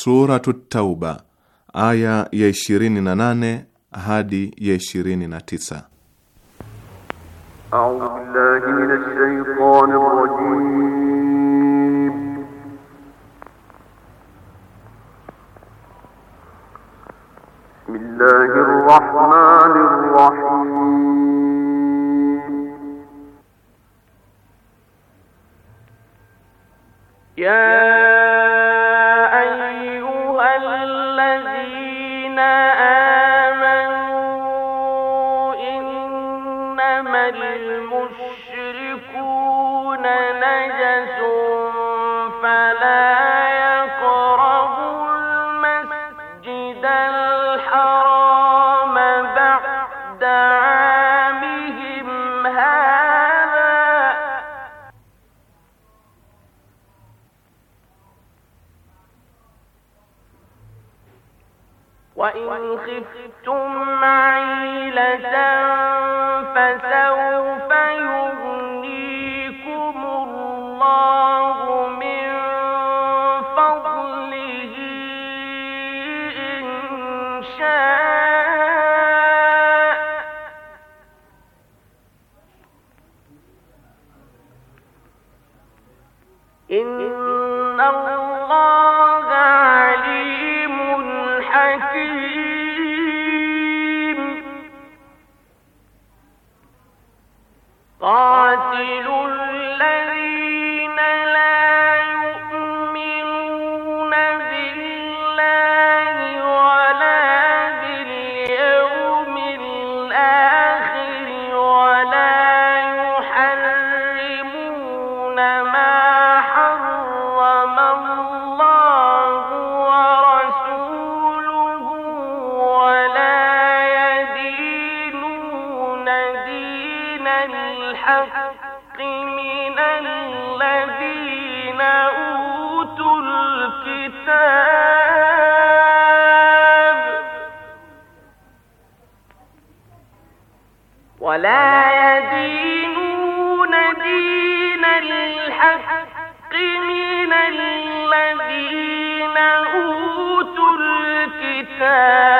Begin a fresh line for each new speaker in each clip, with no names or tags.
Suratu Tauba aya ya 28 hadi ya 29.
A'udhu billahi minash shaitanir rajim.
Bismillahir rahmanir rahim. Ya ولا يدينون دين الحق من الذين أوتوا الكتاب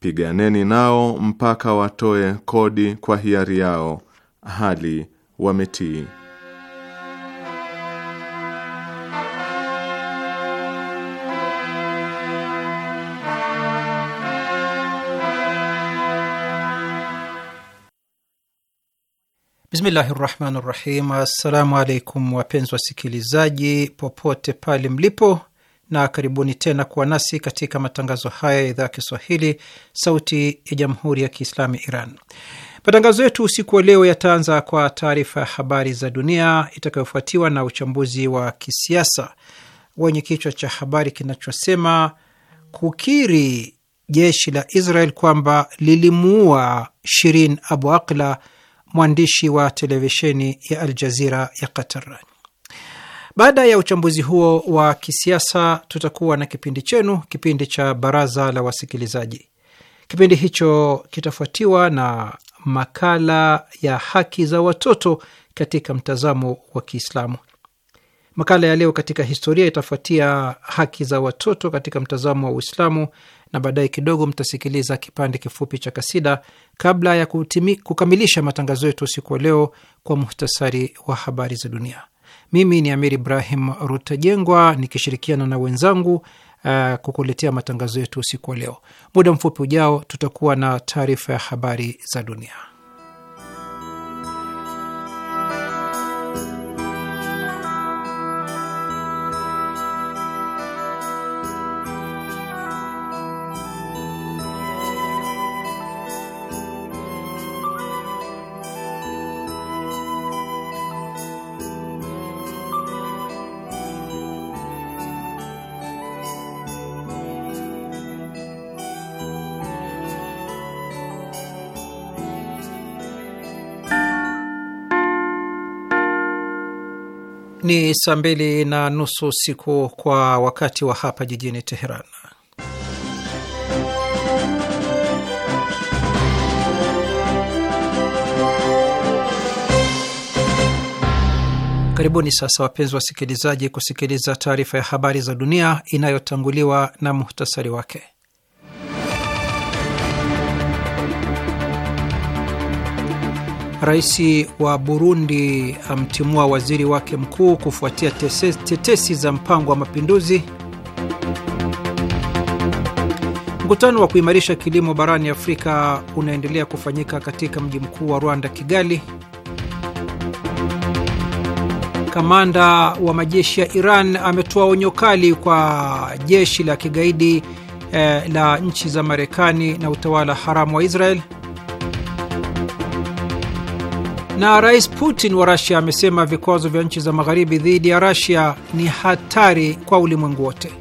Piganeni nao mpaka watoe kodi kwa hiari yao hali wametii.
Bismillahi rahmani rahim. Assalamu alaikum wapenzi wasikilizaji, popote pale mlipo na karibuni tena kuwa nasi katika matangazo haya ya idhaa ya Kiswahili, Sauti ya Jamhuri ya Kiislami Iran. Matangazo yetu usiku wa leo yataanza kwa taarifa ya habari za dunia itakayofuatiwa na uchambuzi wa kisiasa wenye kichwa cha habari kinachosema kukiri jeshi la Israel kwamba lilimuua Shirin Abu Akla, mwandishi wa televisheni ya Al Jazira ya Qatar. Baada ya uchambuzi huo wa kisiasa, tutakuwa na kipindi chenu, kipindi cha baraza la wasikilizaji. Kipindi hicho kitafuatiwa na makala ya haki za watoto katika mtazamo wa Kiislamu. Makala ya leo katika historia itafuatia haki za watoto katika mtazamo wa Uislamu, na baadaye kidogo mtasikiliza kipande kifupi cha kasida kabla ya kutimi, kukamilisha matangazo yetu usiku wa leo kwa muhtasari wa habari za dunia. Mimi ni Amir Ibrahim Rutajengwa nikishirikiana na wenzangu uh, kukuletea matangazo yetu usiku wa leo. Muda mfupi ujao tutakuwa na taarifa ya habari za dunia. Ni saa mbili na nusu usiku kwa wakati wa hapa jijini Teheran. Karibuni sasa wapenzi wasikilizaji, kusikiliza taarifa ya habari za dunia inayotanguliwa na muhtasari wake. Rais wa Burundi amtimua waziri wake mkuu kufuatia tetesi za mpango wa mapinduzi. Mkutano wa kuimarisha kilimo barani Afrika unaendelea kufanyika katika mji mkuu wa Rwanda, Kigali. Kamanda wa majeshi ya Iran ametoa onyo kali kwa jeshi la kigaidi eh, la nchi za Marekani na utawala haramu wa Israel. Na Rais Putin wa Rasia amesema vikwazo vya nchi za magharibi dhidi ya Rasia ni hatari kwa ulimwengu wote.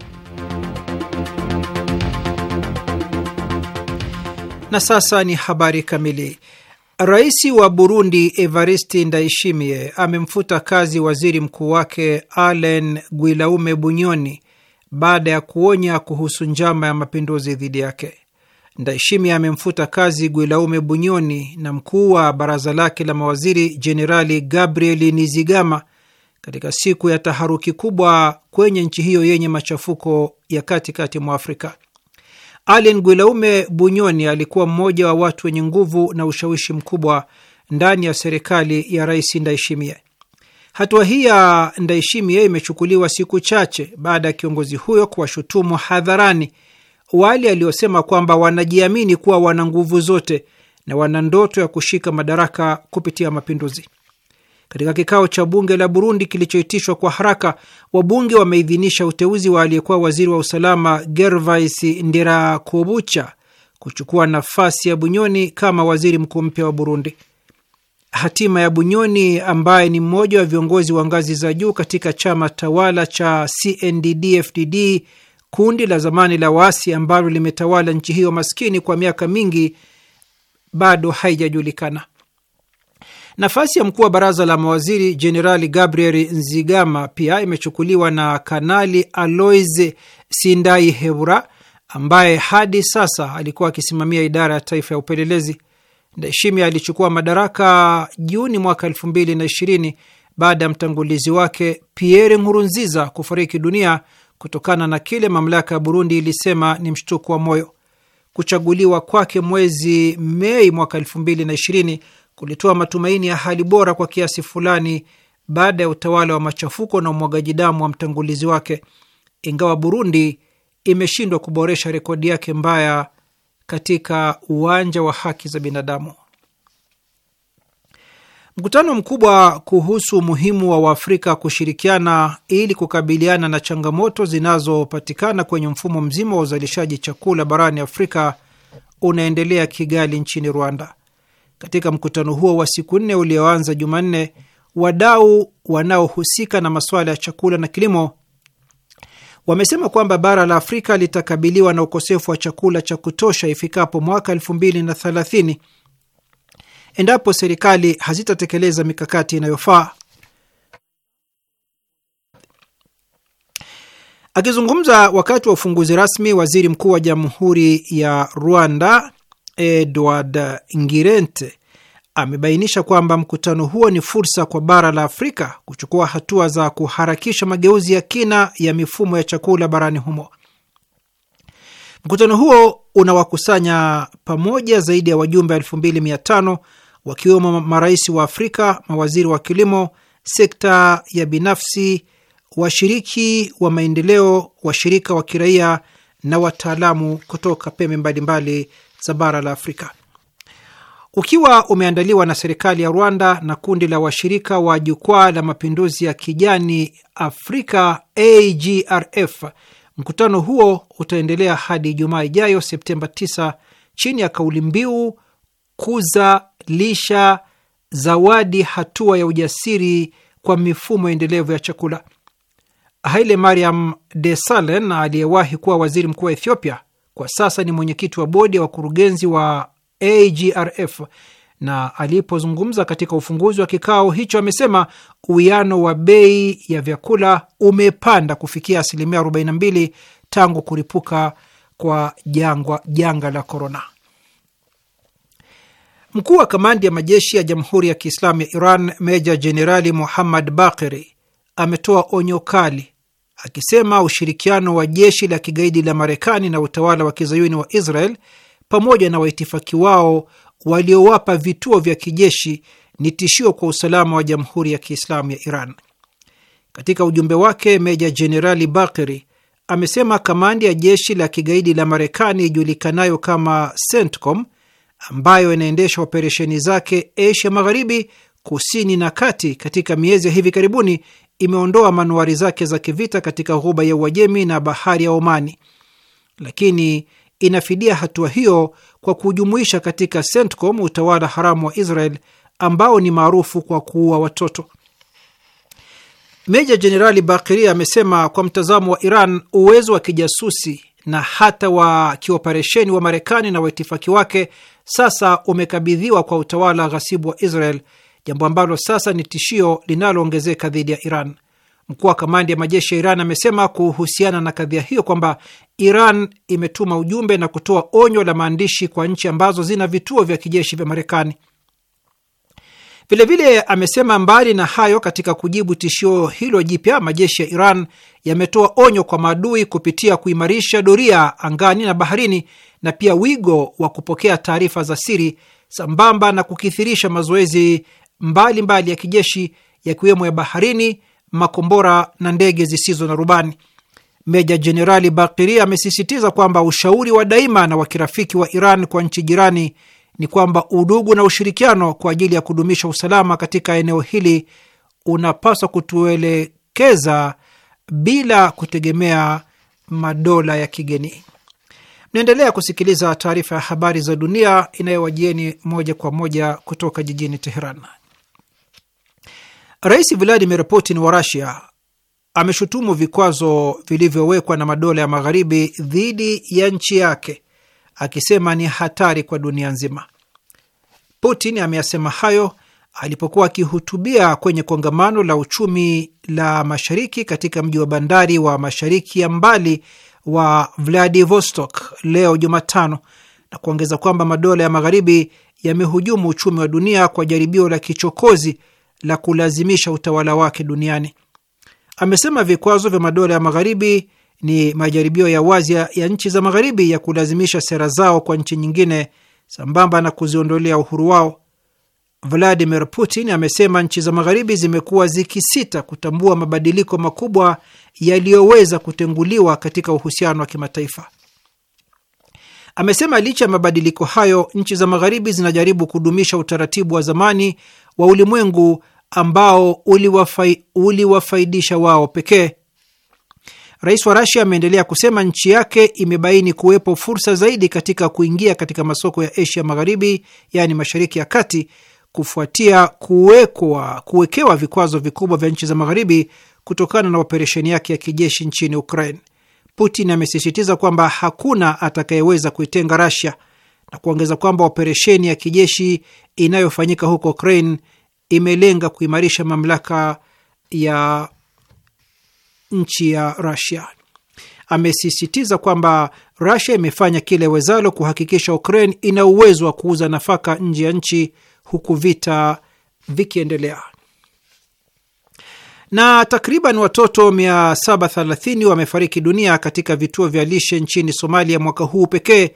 Na sasa ni habari kamili. Rais wa Burundi evaristi Ndaishimie amemfuta kazi waziri mkuu wake alen guilaume Bunyoni baada ya kuonya kuhusu njama ya mapinduzi dhidi yake. Ndaishimi amemfuta kazi guilaume Bunyoni na mkuu wa baraza lake la mawaziri Jenerali Gabriel Nizigama katika siku ya taharuki kubwa kwenye nchi hiyo yenye machafuko ya katikati mwa Afrika. Alen guilaume Bunyoni alikuwa mmoja wa watu wenye nguvu na ushawishi mkubwa ndani ya serikali ya Rais Ndaishimie. Hatua hii ya Ndaishimie imechukuliwa siku chache baada ya kiongozi huyo kuwashutumu hadharani wale aliosema kwamba wanajiamini kuwa wana nguvu zote na wana ndoto ya kushika madaraka kupitia mapinduzi. Katika kikao cha bunge la Burundi kilichoitishwa kwa haraka, wabunge wameidhinisha uteuzi wa aliyekuwa waziri wa usalama Gervais Ndirakobucha kuchukua nafasi ya Bunyoni kama waziri mkuu mpya wa Burundi. Hatima ya Bunyoni ambaye ni mmoja wa viongozi wa ngazi za juu katika chama tawala cha CNDD-FDD kundi la zamani la waasi ambalo limetawala nchi hiyo maskini kwa miaka mingi bado haijajulikana. Nafasi ya mkuu wa baraza la mawaziri Jenerali Gabriel Nzigama pia imechukuliwa na Kanali Alois Sindai Hebura ambaye hadi sasa alikuwa akisimamia idara ya taifa ya upelelezi. Ndayishimiye alichukua madaraka Juni mwaka elfu mbili na ishirini baada ya mtangulizi wake Pierre Nkurunziza kufariki dunia kutokana na kile mamlaka ya Burundi ilisema ni mshtuko wa moyo. Kuchaguliwa kwake mwezi Mei mwaka ishirini kulitoa matumaini ya hali bora kwa kiasi fulani baada ya utawala wa machafuko na umwagaji damu wa mtangulizi wake, ingawa Burundi imeshindwa kuboresha rekodi yake mbaya katika uwanja wa haki za binadamu. Mkutano mkubwa kuhusu umuhimu wa Waafrika kushirikiana ili kukabiliana na changamoto zinazopatikana kwenye mfumo mzima wa uzalishaji chakula barani Afrika unaendelea Kigali nchini Rwanda. Katika mkutano huo wa siku nne ulioanza Jumanne, wadau wanaohusika na masuala ya chakula na kilimo wamesema kwamba bara la Afrika litakabiliwa na ukosefu wa chakula cha kutosha ifikapo mwaka elfu mbili na thelathini endapo serikali hazitatekeleza mikakati inayofaa. Akizungumza wakati wa ufunguzi rasmi, waziri mkuu wa jamhuri ya Rwanda Edward Ngirente amebainisha kwamba mkutano huo ni fursa kwa bara la Afrika kuchukua hatua za kuharakisha mageuzi ya kina ya mifumo ya chakula barani humo. Mkutano huo unawakusanya pamoja zaidi ya wajumbe elfu mbili mia tano wakiwemo marais wa Afrika, mawaziri wa kilimo, sekta ya binafsi, washiriki wa maendeleo, washirika wa kiraia na wataalamu kutoka pembe mbalimbali za bara la Afrika. Ukiwa umeandaliwa na serikali ya Rwanda na kundi la washirika wa jukwaa la mapinduzi ya kijani Afrika AGRF. Mkutano huo utaendelea hadi Ijumaa ijayo Septemba 9 chini ya kauli mbiu kuza lisha zawadi hatua ya ujasiri kwa mifumo endelevu ya chakula. Haile Mariam Desalegn aliyewahi kuwa waziri mkuu wa Ethiopia kwa sasa ni mwenyekiti wa bodi ya wakurugenzi wa AGRF na alipozungumza katika ufunguzi wa kikao hicho amesema uwiano wa bei ya vyakula umepanda kufikia asilimia 42 tangu kuripuka kwa jangwa janga la korona. Mkuu wa kamandi ya majeshi ya Jamhuri ya Kiislamu ya Iran Meja Jenerali Muhammad Bakeri ametoa onyo kali akisema ushirikiano wa jeshi la kigaidi la Marekani na utawala wa kizayuni wa Israel pamoja na waitifaki wao waliowapa vituo vya kijeshi ni tishio kwa usalama wa Jamhuri ya Kiislamu ya Iran. Katika ujumbe wake, Meja Jenerali Bakeri amesema kamandi ya jeshi la kigaidi la Marekani ijulikanayo kama CENTCOM ambayo inaendesha operesheni zake Asia Magharibi, kusini na kati, katika miezi ya hivi karibuni imeondoa manuari zake za kivita katika ghuba ya Uajemi na bahari ya Omani, lakini inafidia hatua hiyo kwa kujumuisha katika CENTCOM utawala haramu wa Israel ambao ni maarufu kwa kuua watoto. Meja Jenerali Bakiri amesema kwa mtazamo wa Iran, uwezo wa kijasusi na hata wa kioperesheni wa Marekani na waitifaki wake sasa umekabidhiwa kwa utawala ghasibu wa Israel, jambo ambalo sasa ni tishio linaloongezeka dhidi ya Iran. Mkuu wa kamandi ya majeshi ya Iran amesema kuhusiana na kadhia hiyo kwamba Iran imetuma ujumbe na kutoa onyo la maandishi kwa nchi ambazo zina vituo vya kijeshi vya Marekani. Vilevile amesema mbali na hayo, katika kujibu tishio hilo jipya, majeshi ya Iran yametoa onyo kwa maadui kupitia kuimarisha doria angani na baharini na pia wigo wa kupokea taarifa za siri sambamba na kukithirisha mazoezi mbalimbali mbali ya kijeshi yakiwemo ya baharini, makombora na ndege zisizo na rubani. Meja Jenerali Bakiri amesisitiza kwamba ushauri wa daima na wa kirafiki wa Iran kwa nchi jirani ni kwamba udugu na ushirikiano kwa ajili ya kudumisha usalama katika eneo hili unapaswa kutuelekeza bila kutegemea madola ya kigeni naendelea kusikiliza taarifa ya habari za dunia inayowajieni moja kwa moja kutoka jijini Teheran. Rais Vladimir Putin wa Rusia ameshutumu vikwazo vilivyowekwa na madola ya magharibi dhidi ya nchi yake akisema ni hatari kwa dunia nzima. Putin ameyasema hayo alipokuwa akihutubia kwenye kongamano la uchumi la mashariki katika mji wa bandari wa mashariki ya mbali wa Vladivostok leo Jumatano na kuongeza kwamba madola ya magharibi yamehujumu uchumi wa dunia kwa jaribio la kichokozi la kulazimisha utawala wake duniani. Amesema vikwazo vya madola ya magharibi ni majaribio ya wazi ya nchi za magharibi ya kulazimisha sera zao kwa nchi nyingine sambamba na kuziondolea uhuru wao. Vladimir Putin amesema nchi za magharibi zimekuwa zikisita kutambua mabadiliko makubwa yaliyoweza kutenguliwa katika uhusiano wa kimataifa. Amesema licha ya mabadiliko hayo, nchi za magharibi zinajaribu kudumisha utaratibu wa zamani wa ulimwengu ambao uliwafai, uliwafaidisha wao pekee. Rais wa Rasia ameendelea kusema nchi yake imebaini kuwepo fursa zaidi katika kuingia katika masoko ya Asia Magharibi, yaani Mashariki ya Kati, kufuatia kuwekwa kuwekewa vikwazo vikubwa vya nchi za magharibi kutokana na operesheni yake ya kijeshi nchini Ukraine. Putin amesisitiza kwamba hakuna atakayeweza kuitenga Russia na kuongeza kwamba operesheni ya kijeshi inayofanyika huko Ukraine imelenga kuimarisha mamlaka ya nchi ya Russia. Amesisitiza kwamba Russia imefanya kile wezalo kuhakikisha Ukraine ina uwezo wa kuuza nafaka nje ya nchi huku vita vikiendelea na takriban watoto 730 wamefariki dunia katika vituo vya lishe nchini Somalia mwaka huu pekee,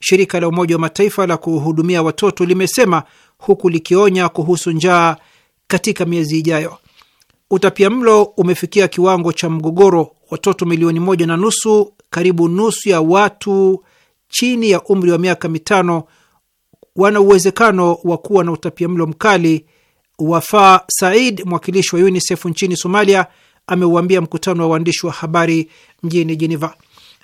shirika la Umoja wa Mataifa la kuhudumia watoto limesema, huku likionya kuhusu njaa katika miezi ijayo. utapia mlo umefikia kiwango cha mgogoro, watoto milioni moja na nusu, karibu nusu ya watu chini ya umri wa miaka mitano wana uwezekano wa kuwa na utapia mlo mkali. Wafaa Said, mwakilishi wa UNICEF nchini Somalia, ameuambia mkutano wa waandishi wa habari mjini Geneva.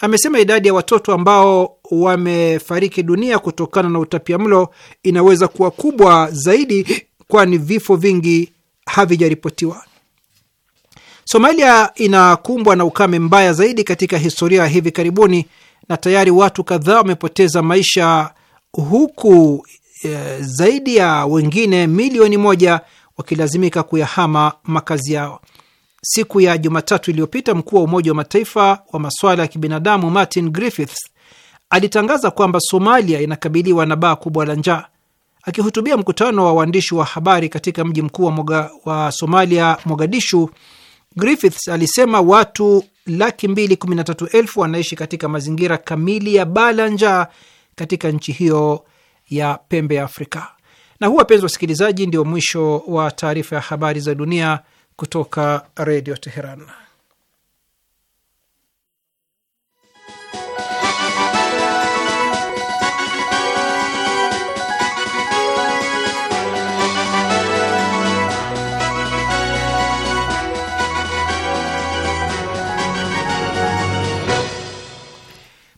Amesema idadi ya watoto ambao wamefariki dunia kutokana na utapia mlo inaweza kuwa kubwa zaidi, kwani vifo vingi havijaripotiwa. Somalia inakumbwa na ukame mbaya zaidi katika historia ya hivi karibuni na tayari watu kadhaa wamepoteza maisha huku e, zaidi ya wengine milioni moja wakilazimika kuyahama makazi yao. Siku ya Jumatatu iliyopita mkuu wa Umoja wa Mataifa wa masuala ya kibinadamu Martin Griffiths alitangaza kwamba Somalia inakabiliwa na baa kubwa la njaa. Akihutubia mkutano wa waandishi wa habari katika mji mkuu wa Somalia, Mogadishu, Griffiths alisema watu laki mbili kumi na tatu elfu wanaishi katika mazingira kamili ya baa la njaa katika nchi hiyo ya pembe ya Afrika. Na huu, wapenzi wasikilizaji, ndio mwisho wa taarifa ya habari za dunia kutoka Redio Teheran.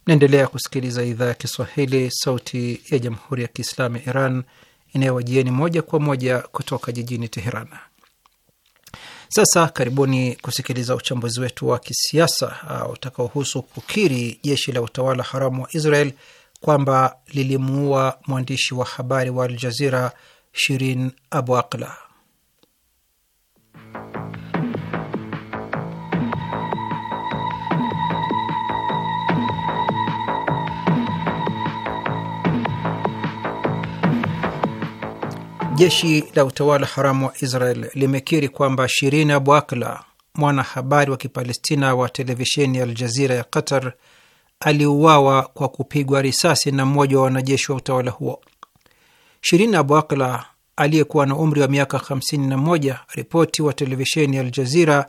Mnaendelea kusikiliza idhaa ya Kiswahili, sauti ya jamhuri ya kiislamu ya Iran inayowajieni moja kwa moja kutoka jijini Teheran. Sasa karibuni kusikiliza uchambuzi wetu wa kisiasa ah, utakaohusu kukiri jeshi la utawala haramu wa Israel kwamba lilimuua mwandishi wa habari wa aljazira Shirin Abu Akla. Jeshi la utawala haramu wa Israel limekiri kwamba Shirin Abu Akla, mwanahabari wa Kipalestina wa televisheni ya Aljazira ya Qatar, aliuawa kwa kupigwa risasi na mmoja wa wanajeshi wa utawala huo. Shirin Abu Akla aliyekuwa na umri wa miaka 51, ripoti wa televisheni ya Aljazira,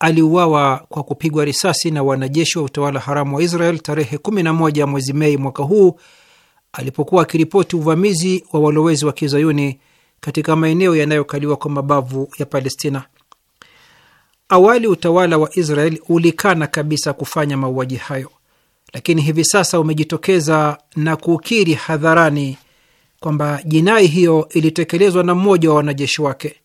aliuawa kwa kupigwa risasi na wanajeshi wa utawala haramu wa Israel tarehe 11 mwezi Mei mwaka huu alipokuwa akiripoti uvamizi wa walowezi wa kizayuni katika maeneo yanayokaliwa kwa mabavu ya Palestina. Awali utawala wa Israel ulikana kabisa kufanya mauaji hayo, lakini hivi sasa umejitokeza na kukiri hadharani kwamba jinai hiyo ilitekelezwa na mmoja wa wanajeshi wake.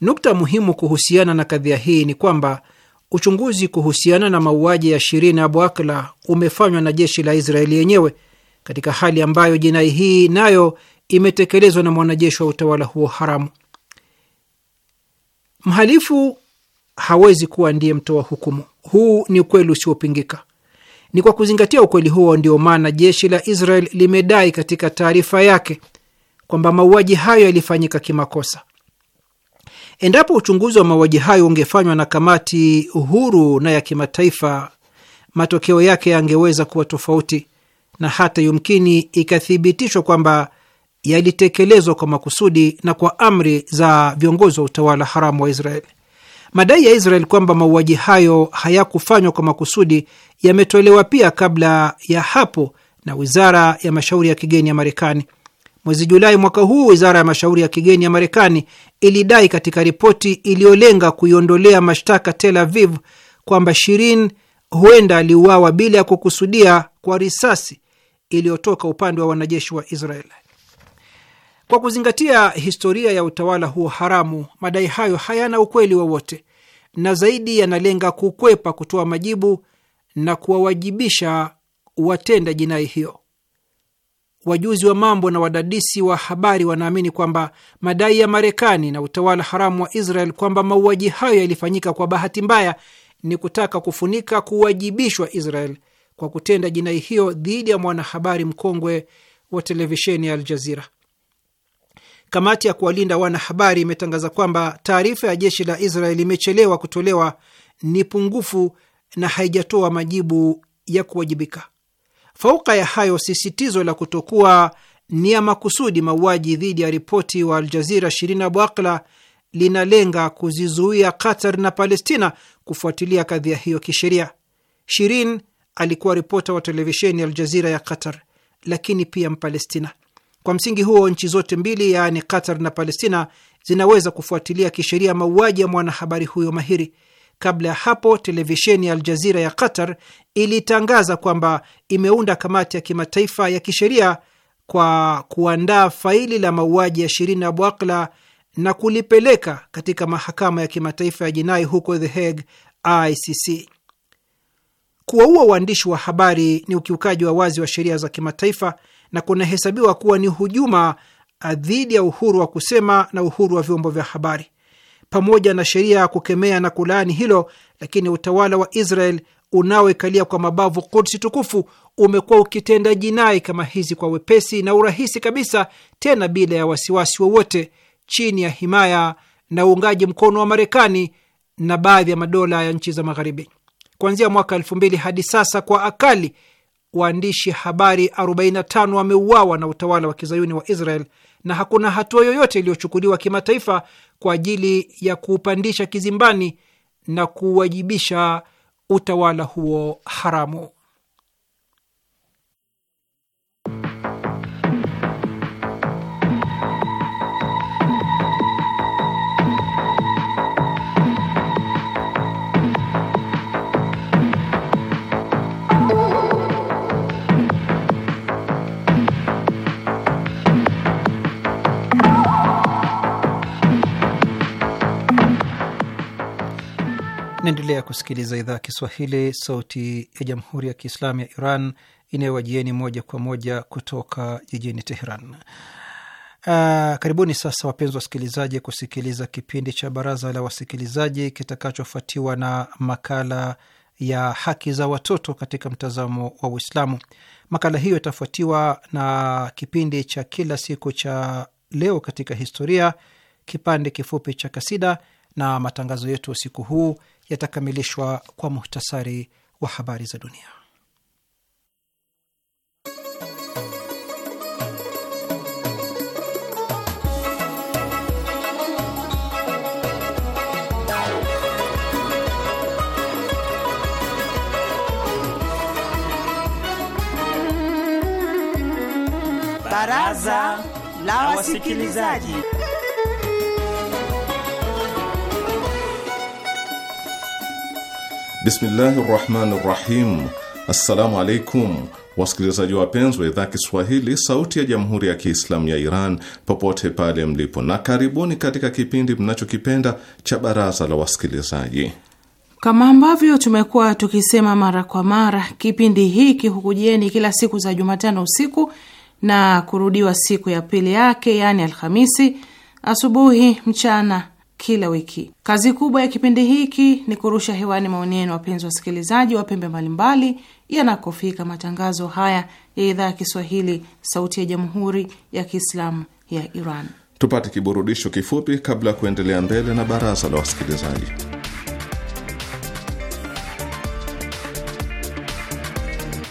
Nukta muhimu kuhusiana na kadhia hii ni kwamba uchunguzi kuhusiana na mauaji ya Shirin Abu Akla umefanywa na jeshi la Israeli yenyewe katika hali ambayo jinai hii nayo imetekelezwa na mwanajeshi wa utawala huo haramu. Mhalifu hawezi kuwa ndiye mtoa hukumu. Huu ni ukweli usiopingika. Ni kwa kuzingatia ukweli huo ndio maana jeshi la Israel limedai katika taarifa yake kwamba mauaji hayo yalifanyika kimakosa. Endapo uchunguzi wa mauaji hayo ungefanywa na kamati huru na ya kimataifa, matokeo yake yangeweza kuwa tofauti, na hata yumkini ikathibitishwa kwamba yalitekelezwa kwa makusudi na kwa amri za viongozi wa utawala haramu wa israel Madai ya Israel kwamba mauaji hayo hayakufanywa kwa makusudi yametolewa pia kabla ya hapo na wizara ya mashauri ya kigeni ya Marekani. Mwezi Julai mwaka huu, wizara ya mashauri ya kigeni ya Marekani ilidai katika ripoti iliyolenga kuiondolea mashtaka Tel Aviv kwamba Shirin huenda aliuawa bila ya kukusudia kwa risasi iliyotoka upande wa wanajeshi wa israel kwa kuzingatia historia ya utawala huo haramu, madai hayo hayana ukweli wowote na zaidi yanalenga kukwepa kutoa majibu na kuwawajibisha watenda jinai hiyo. Wajuzi wa mambo na wadadisi wa habari wanaamini kwamba madai ya Marekani na utawala haramu wa Israel kwamba mauaji hayo yalifanyika kwa bahati mbaya ni kutaka kufunika kuwajibishwa Israel kwa kutenda jinai hiyo dhidi ya mwanahabari mkongwe wa televisheni ya Aljazira. Kamati ya kuwalinda wanahabari imetangaza kwamba taarifa ya jeshi la Israel imechelewa kutolewa, ni pungufu na haijatoa majibu ya kuwajibika. Fauka ya hayo, sisitizo la kutokuwa ni ya makusudi mauaji dhidi ya ripoti wa Aljazira Shirin Abu Akla linalenga kuzizuia Qatar na Palestina kufuatilia kadhia hiyo kisheria. Shirin alikuwa ripota wa televisheni Aljazira ya Qatar, lakini pia Mpalestina. Kwa msingi huo, nchi zote mbili, yaani Qatar na Palestina, zinaweza kufuatilia kisheria mauaji ya mwanahabari huyo mahiri. Kabla ya hapo, televisheni ya Aljazira ya Qatar ilitangaza kwamba imeunda kamati ya kimataifa ya kisheria kwa kuandaa faili la mauaji ya Shirin Abu Akla na kulipeleka katika mahakama ya kimataifa ya jinai huko The Hague, ICC. Kuwaua waandishi wa habari ni ukiukaji wa wazi wa sheria za kimataifa na kunahesabiwa kuwa ni hujuma ah, dhidi ya uhuru wa kusema na uhuru wa vyombo vya habari. Pamoja na sheria ya kukemea na kulaani hilo, lakini utawala wa Israel unaoikalia kwa mabavu Kudsi tukufu umekuwa ukitenda jinai kama hizi kwa wepesi na urahisi kabisa, tena bila ya wasiwasi wowote, chini ya himaya na uungaji mkono wa Marekani na baadhi ya madola ya nchi za Magharibi kuanzia mwaka elfu mbili hadi sasa, kwa akali waandishi habari 45 wameuawa na utawala wa kizayuni wa Israel na hakuna hatua yoyote iliyochukuliwa kimataifa kwa ajili ya kuupandisha kizimbani na kuwajibisha utawala huo haramu. Naendelea kusikiliza idhaa ya Kiswahili, sauti ya jamhuri ya kiislamu ya Iran inayowajieni moja kwa moja kutoka jijini Teheran. Uh, karibuni sasa wapenzi wasikilizaji, kusikiliza kipindi cha baraza la wasikilizaji kitakachofuatiwa na makala ya haki za watoto katika mtazamo wa Uislamu. Makala hiyo itafuatiwa na kipindi cha kila siku cha leo katika historia, kipande kifupi cha kasida na matangazo yetu usiku huu yatakamilishwa kwa muhtasari wa habari za dunia.
Baraza la Wasikilizaji.
Bismillahi rahmani rahim. Assalamu alaikum wasikilizaji wapenzi wa idhaa Kiswahili sauti ya jamhuri ya Kiislamu ya Iran popote pale mlipo, na karibuni katika kipindi mnachokipenda cha baraza la wasikilizaji.
Kama ambavyo tumekuwa tukisema mara kwa mara, kipindi hiki hukujieni kila siku za Jumatano usiku na kurudiwa siku ya pili yake, yaani Alhamisi asubuhi, mchana kila wiki. Kazi kubwa ya kipindi hiki ni kurusha hewani maoni yenu, wapenzi wasikilizaji wa pembe mbalimbali, yanakofika matangazo haya ya idhaa ya Kiswahili, Sauti ya Jamhuri ya Kiislamu ya Iran.
Tupate kiburudisho kifupi kabla ya kuendelea mbele na baraza la wasikilizaji.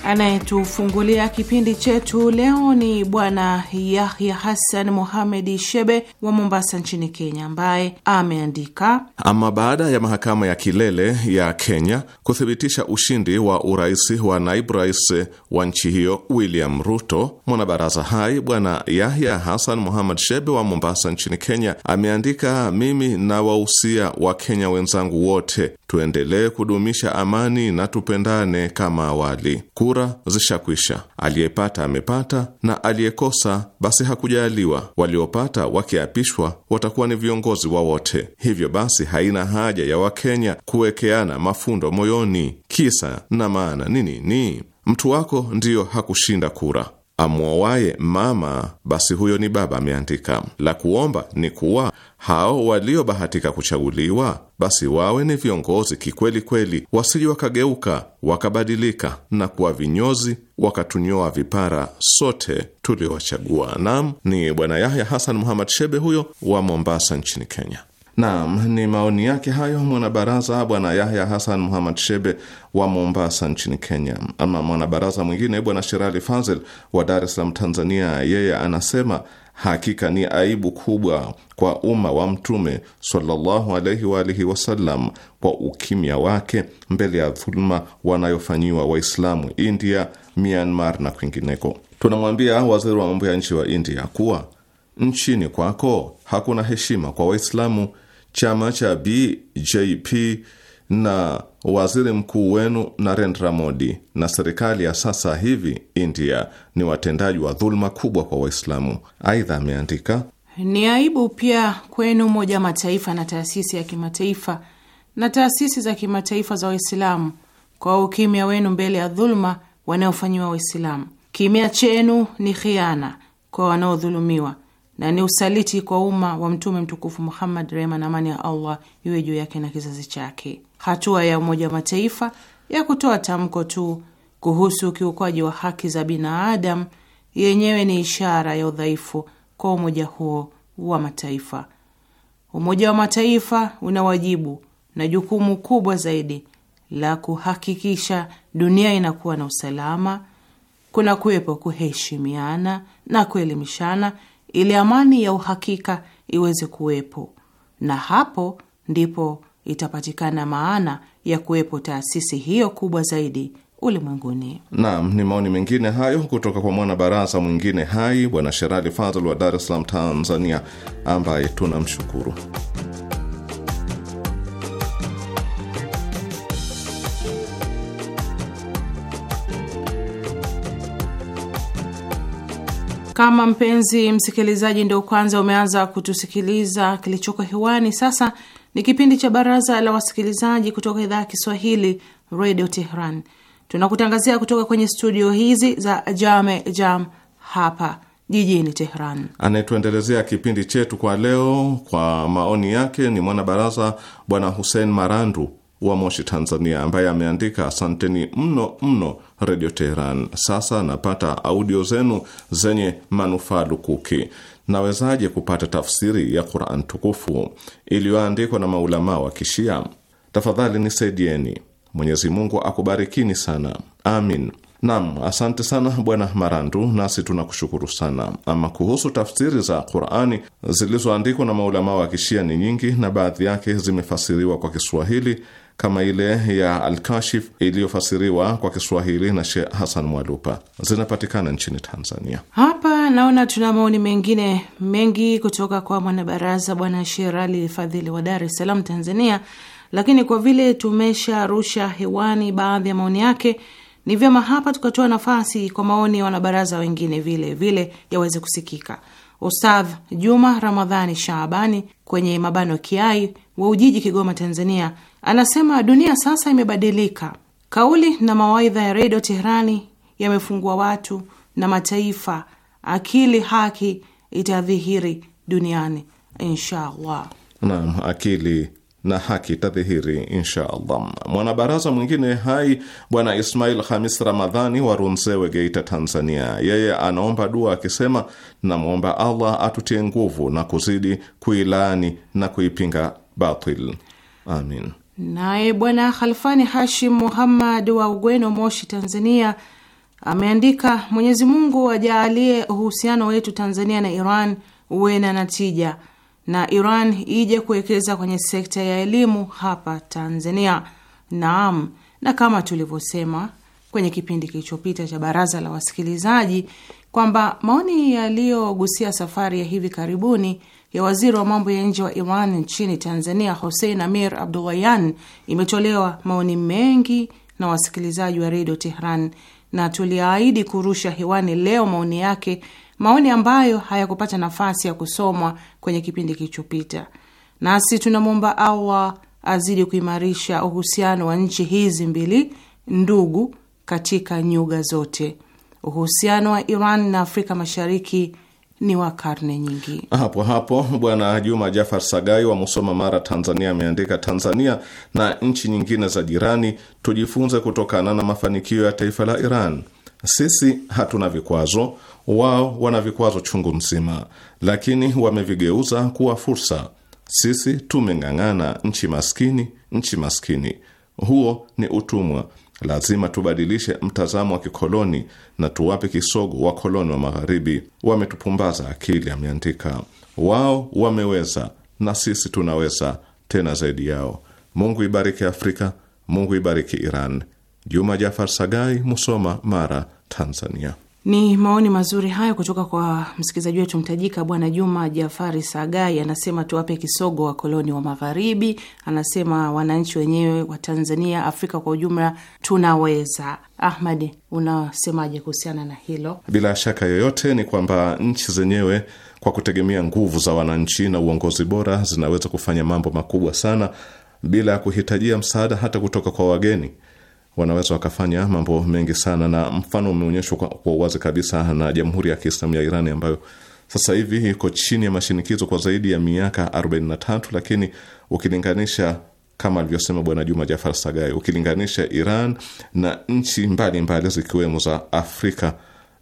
Anayetufungulia kipindi chetu leo ni Bwana Yahya Hassan Mohamedi Shebe wa Mombasa nchini Kenya, ambaye ameandika:
ama baada ya mahakama ya kilele ya Kenya kuthibitisha ushindi wa urais wa naibu rais wa nchi hiyo William Ruto, mwanabaraza hai Bwana Yahya Hassan Mohamed Shebe wa Mombasa nchini Kenya ameandika: mimi nawahusia Wakenya wenzangu wote tuendelee kudumisha amani na tupendane kama awali. Kura zishakwisha, aliyepata amepata na aliyekosa basi hakujaliwa. Waliopata wakiapishwa watakuwa ni viongozi wa wote. Hivyo basi, haina haja ya Wakenya kuwekeana mafundo moyoni. Kisa na maana ni nini? Mtu wako ndiyo hakushinda kura Amwowaye mama basi huyo ni baba, ameandika. La kuomba ni kuwa hao waliobahatika kuchaguliwa basi wawe ni viongozi kikweli kweli, wasije wakageuka wakabadilika na kuwa vinyozi wakatunyoa vipara sote tuliowachagua. Naam, ni Bwana Yahya Hasan Muhammad Shebe huyo wa Mombasa nchini Kenya. Naam, ni maoni yake hayo mwanabaraza Bwana Yahya Hasan Muhamad Shebe wa Mombasa nchini Kenya. Ama mwanabaraza mwingine Bwana Sherali Fazel wa Dar es Salaam, Tanzania, yeye anasema hakika ni aibu kubwa kwa umma wa Mtume sallallahu alaihi wa alihi wasallam kwa ukimya wake mbele ya dhuluma wanayofanyiwa Waislamu India, Myanmar na kwingineko. Tunamwambia waziri wa mambo ya nchi wa India kuwa nchini kwako hakuna heshima kwa Waislamu chama cha BJP na waziri mkuu wenu Narendra Modi na serikali ya sasa hivi India ni watendaji wa dhuluma kubwa kwa Waislamu. Aidha ameandika
ni aibu pia kwenu Umoja Mataifa na taasisi ya kimataifa na taasisi za kimataifa za Waislamu kwa ukimya wenu mbele ya dhuluma wanaofanyiwa Waislamu. Kimya chenu ni khiana kwa wanaodhulumiwa na ni usaliti kwa umma wa Mtume mtukufu Muhammad, rehma na amani ya Allah iwe juu yake na kizazi chake. Hatua ya Umoja wa Mataifa ya kutoa tamko tu kuhusu ukiukwaji wa haki za binadamu yenyewe ni ishara ya udhaifu kwa umoja huo wa mataifa. Umoja wa Mataifa una wajibu na jukumu kubwa zaidi la kuhakikisha dunia inakuwa na usalama, kuna kuwepo kuheshimiana na kuelimishana ili amani ya uhakika iweze kuwepo, na hapo ndipo itapatikana maana ya kuwepo taasisi hiyo kubwa zaidi ulimwenguni.
Naam, ni maoni mengine hayo kutoka kwa baraza mwingine hai Bwana Sherali Fadhl wa Dar es Salaam, Tanzania, ambaye tunamshukuru.
Kama mpenzi msikilizaji ndio kwanza umeanza kutusikiliza, kilichoko hewani sasa ni kipindi cha Baraza la Wasikilizaji kutoka idhaa ya Kiswahili Radio Tehran. Tunakutangazia kutoka kwenye studio hizi za Jame Jam hapa jijini Tehran.
Anayetuendelezea kipindi chetu kwa leo kwa maoni yake ni mwanabaraza Bwana Hussein Marandu wa Moshi, Tanzania, ambaye ameandika asanteni mno mno Redio Teheran. Sasa napata audio zenu zenye manufaa lukuki. Nawezaje kupata tafsiri ya Quran tukufu iliyoandikwa na maulamaa wa Kishia? Tafadhali nisaidieni. Mwenyezi Mungu akubarikini sana, amin. Nam, asante sana Bwana Marandu, nasi tunakushukuru sana. Ama kuhusu tafsiri za Qurani zilizoandikwa na maulamaa wa Kishia ni nyingi, na baadhi yake zimefasiriwa kwa Kiswahili kama ile ya Alkashif iliyofasiriwa kwa Kiswahili na sheh hasan Mwalupa zinapatikana nchini Tanzania.
Hapa naona tuna maoni mengine mengi kutoka kwa mwanabaraza Bwana Sherali Fadhili wa Dar es Salaam, Tanzania, lakini kwa vile tumesharusha hewani baadhi ya maoni yake ni vyema hapa tukatoa nafasi kwa maoni ya wanabaraza wengine vile vile yaweze kusikika. Ustadh Juma Ramadhani Shaabani kwenye mabano Kiai wa Ujiji, Kigoma, Tanzania, Anasema dunia sasa imebadilika. Kauli na mawaidha ya Redio Teherani yamefungua watu na mataifa, akili haki itadhihiri duniani inshallah.
Naam, akili na haki tadhihiri inshallah. Mwanabaraza mwingine hai Bwana Ismail Hamis Ramadhani wa Runzewe, Geita, Tanzania, yeye anaomba dua akisema, namwomba Allah atutie nguvu na kuzidi kuilaani na kuipinga batil, amin.
Naye bwana Khalfani Hashim Muhammad wa Ugweno, Moshi, Tanzania ameandika, Mwenyezi Mungu ajaalie uhusiano wetu Tanzania na Iran uwe na natija na Iran ije kuwekeza kwenye sekta ya elimu hapa Tanzania. Naam, na kama tulivyosema kwenye kipindi kilichopita cha baraza la wasikilizaji kwamba maoni yaliyogusia safari ya hivi karibuni ya waziri wa mambo ya nje wa Iran nchini Tanzania, Hussein Amir Abdullayan, imetolewa maoni mengi na wasikilizaji wa redio Tehran, na tuliahidi kurusha hewani leo maoni yake, maoni ambayo hayakupata nafasi ya kusomwa kwenye kipindi kilichopita. Nasi tunamwomba awa azidi kuimarisha uhusiano wa nchi hizi mbili ndugu katika nyuga zote. Uhusiano wa Iran na Afrika Mashariki ni wa karne nyingi.
Hapo hapo Bwana Juma Jafar Sagai wa Musoma, Mara, Tanzania ameandika, Tanzania na nchi nyingine za jirani tujifunze kutokana na mafanikio ya taifa la Iran. Sisi hatuna vikwazo, wao wana vikwazo chungu mzima, lakini wamevigeuza kuwa fursa. Sisi tumeng'ang'ana, nchi maskini, nchi maskini. Huo ni utumwa Lazima tubadilishe mtazamo wa kikoloni na tuwape kisogo wakoloni wa Magharibi. Wametupumbaza akili, ameandika. Wao wameweza na sisi tunaweza tena zaidi yao. Mungu ibariki Afrika, Mungu ibariki Iran. Juma Jafar Sagai, Musoma, Mara, Tanzania.
Ni maoni mazuri hayo kutoka kwa msikilizaji wetu mtajika Bwana Juma Jafari Sagai, anasema tuwape kisogo wakoloni wa Magharibi. Anasema wananchi wenyewe wa Tanzania, Afrika kwa ujumla, tunaweza. Ahmad, unasemaje kuhusiana na hilo?
Bila shaka yoyote ni kwamba nchi zenyewe kwa kutegemea nguvu za wananchi na uongozi bora zinaweza kufanya mambo makubwa sana bila ya kuhitajia msaada hata kutoka kwa wageni wanaweza wakafanya mambo mengi sana, na mfano umeonyeshwa kwa uwazi kabisa na Jamhuri ya Kiislamu ya Irani ambayo sasa hivi iko chini ya mashinikizo kwa zaidi ya miaka 43, lakini ukilinganisha kama alivyosema Bwana Juma Jafar Sagai, ukilinganisha Iran na nchi mbalimbali zikiwemo za Afrika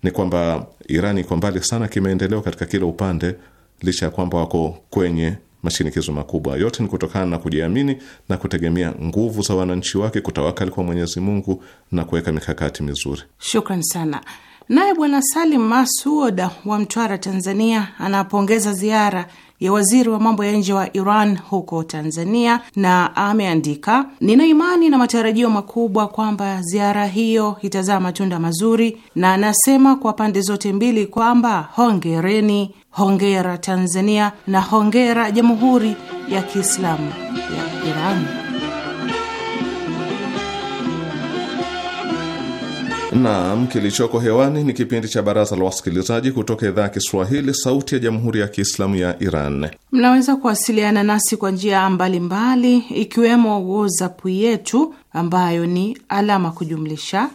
ni kwamba Iran iko mbali sana kimaendeleo katika kila upande, licha ya kwamba wako kwenye Mashinikizo makubwa yote ni kutokana na kujiamini na kutegemea nguvu za wananchi wake, kutawakali kwa Mwenyezi Mungu na kuweka mikakati mizuri.
Shukran sana. Naye Bwana Salim Masuoda wa Mtwara, Tanzania, anapongeza ziara ya waziri wa mambo ya nje wa Iran huko Tanzania na ameandika, nina imani na matarajio makubwa kwamba ziara hiyo itazaa matunda mazuri, na anasema kwa pande zote mbili kwamba hongereni Hongera Tanzania na hongera Jamhuri ya Kiislamu ya Iran.
Naam, kilichoko hewani ni kipindi cha Baraza la Wasikilizaji kutoka idhaa ya Kiswahili, Sauti ya Jamhuri ya Kiislamu ya Iran.
Mnaweza kuwasiliana nasi kwa njia mbalimbali, ikiwemo WhatsApp yetu ambayo ni alama kujumlisha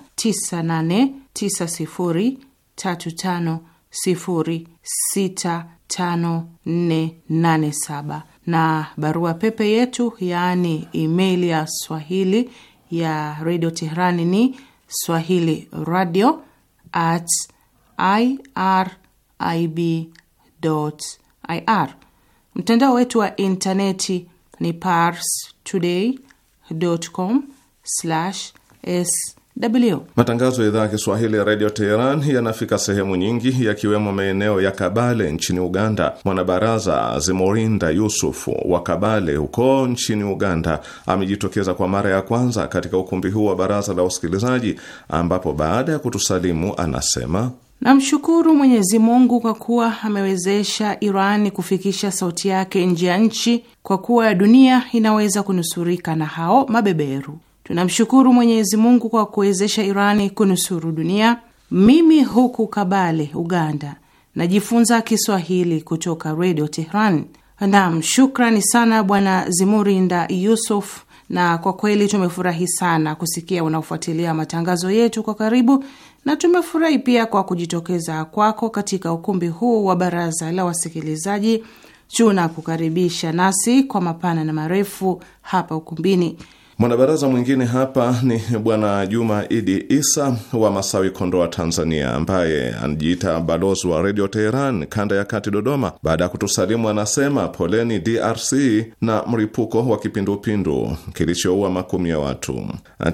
989035 065487 na barua pepe yetu yaani email ya Swahili ya Radio Tehrani ni swahili radio at irib.ir. Mtandao wetu wa intaneti ni pars today com slash s w.
Matangazo ya idhaa ya Kiswahili ya redio Teheran yanafika sehemu nyingi, yakiwemo maeneo ya Kabale nchini Uganda. Mwanabaraza Zimorinda Yusufu wa Kabale huko nchini Uganda amejitokeza kwa mara ya kwanza katika ukumbi huu wa baraza la usikilizaji ambapo baada ya kutusalimu anasema
Namshukuru Mwenyezi Mungu kwa kuwa amewezesha Irani kufikisha sauti yake nje ya nchi, kwa kuwa dunia inaweza kunusurika na hao mabeberu. Tunamshukuru Mwenyezi Mungu kwa kuwezesha Irani kunusuru dunia. Mimi huku Kabale, Uganda, najifunza Kiswahili kutoka Redio Tehran. Naam, shukrani sana Bwana Zimurinda Yusuf, na kwa kweli tumefurahi sana kusikia unaofuatilia matangazo yetu kwa karibu, na tumefurahi pia kwa kujitokeza kwako katika ukumbi huu wa baraza la wasikilizaji. Tunakukaribisha nasi kwa mapana na marefu hapa ukumbini.
Mwanabaraza mwingine hapa ni Bwana Juma Idi Isa wa Masawi, Kondoa, Tanzania, ambaye anajiita balozi wa Redio Teheran kanda ya kati, Dodoma. Baada ya kutusalimu, anasema poleni DRC na mripuko wa kipindupindu kilichoua makumi ya watu,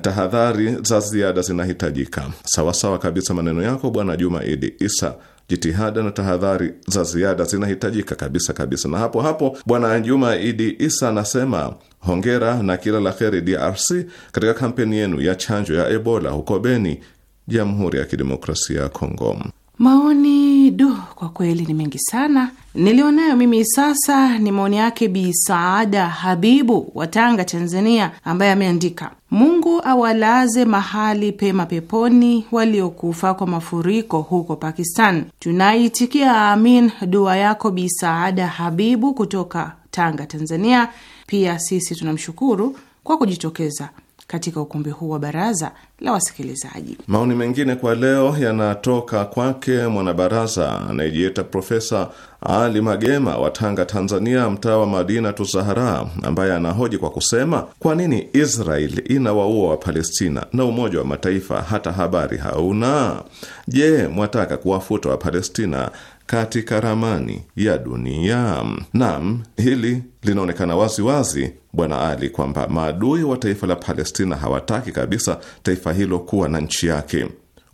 tahadhari za ziada zinahitajika. Sawasawa kabisa maneno yako Bwana Juma Idi Isa jitihada na tahadhari za ziada zinahitajika kabisa kabisa. Na hapo hapo Bwana Juma Idi Isa anasema hongera na kila la heri DRC katika kampeni yenu ya chanjo ya Ebola huko Beni, Jamhuri ya Kidemokrasia ya Kongo.
Maoni du, kwa kweli ni mengi sana nilionayo mimi sasa. Ni maoni yake Bi Saada Habibu wa Tanga, Tanzania, ambaye ameandika Mungu awalaze mahali pema peponi waliokufa kwa mafuriko huko Pakistan. Tunaitikia amin dua yako Bi Saada Habibu kutoka Tanga, Tanzania. Pia sisi tunamshukuru kwa kujitokeza katika ukumbi huu wa baraza la wasikilizaji.
Maoni mengine kwa leo yanatoka kwake mwanabaraza anayejiita Profesa Ali Magema wa Tanga, Tanzania, mtaa wa Madina Tuzahara, ambaye anahoji kwa kusema, kwa nini Israel inawaua Wapalestina na Umoja wa Mataifa hata habari hauna? Je, mwataka kuwafuta Wapalestina katika ramani ya dunia. Naam, hili linaonekana wazi wazi, Bwana Ali, kwamba maadui wa taifa la Palestina hawataki kabisa taifa hilo kuwa na nchi yake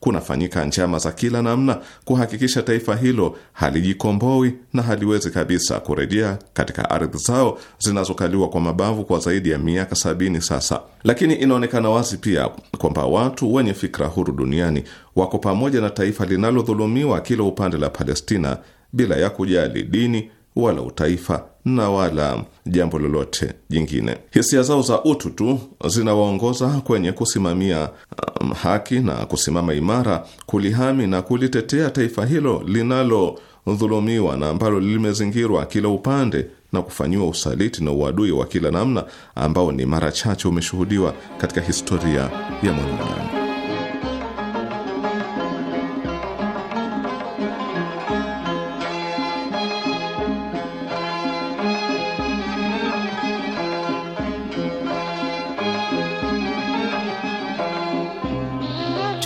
kunafanyika njama za kila namna kuhakikisha taifa hilo halijikomboi na haliwezi kabisa kurejea katika ardhi zao zinazokaliwa kwa mabavu kwa zaidi ya miaka sabini sasa. Lakini inaonekana wazi pia kwamba watu wenye fikra huru duniani wako pamoja na taifa linalodhulumiwa kila upande la Palestina bila ya kujali dini wala utaifa na wala jambo lolote jingine. Hisia zao za utu tu zinawaongoza kwenye kusimamia um, haki na kusimama imara kulihami na kulitetea taifa hilo linalodhulumiwa na ambalo limezingirwa kila upande na kufanyiwa usaliti na uadui wa kila namna ambao ni mara chache umeshuhudiwa katika historia ya mwanadamu.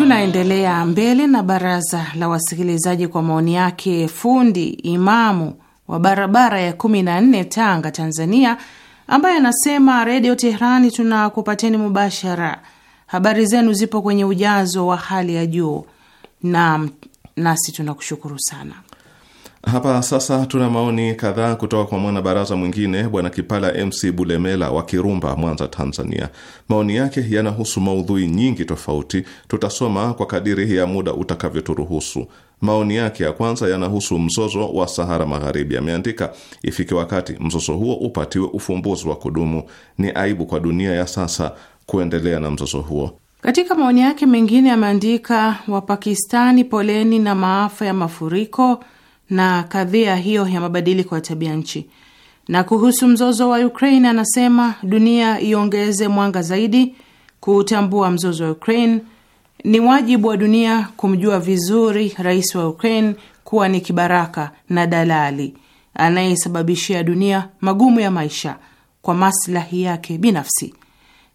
Tunaendelea mbele na baraza la wasikilizaji kwa maoni yake fundi imamu wa barabara ya 14 Tanga, Tanzania, ambaye anasema Redio Teherani tunakupateni mubashara, habari zenu zipo kwenye ujazo wa hali ya juu. na nasi tunakushukuru sana.
Hapa sasa tuna maoni kadhaa kutoka kwa mwanabaraza mwingine bwana Kipala MC Bulemela wa Kirumba, Mwanza, Tanzania. Maoni yake yanahusu maudhui nyingi tofauti, tutasoma kwa kadiri ya muda utakavyoturuhusu. Maoni yake ya kwanza yanahusu mzozo wa Sahara Magharibi. Ameandika, ifike wakati mzozo huo upatiwe ufumbuzi wa kudumu. Ni aibu kwa dunia ya sasa kuendelea na mzozo huo.
Katika maoni yake mengine ameandika, Wapakistani poleni na maafa ya mafuriko na kadhia hiyo ya mabadiliko ya tabia nchi. Na kuhusu mzozo wa Ukraine anasema dunia iongeze mwanga zaidi kuutambua mzozo wa Ukraine. Ni wajibu wa dunia kumjua vizuri rais wa Ukraine kuwa ni kibaraka na dalali anayesababishia dunia magumu ya maisha kwa maslahi yake binafsi.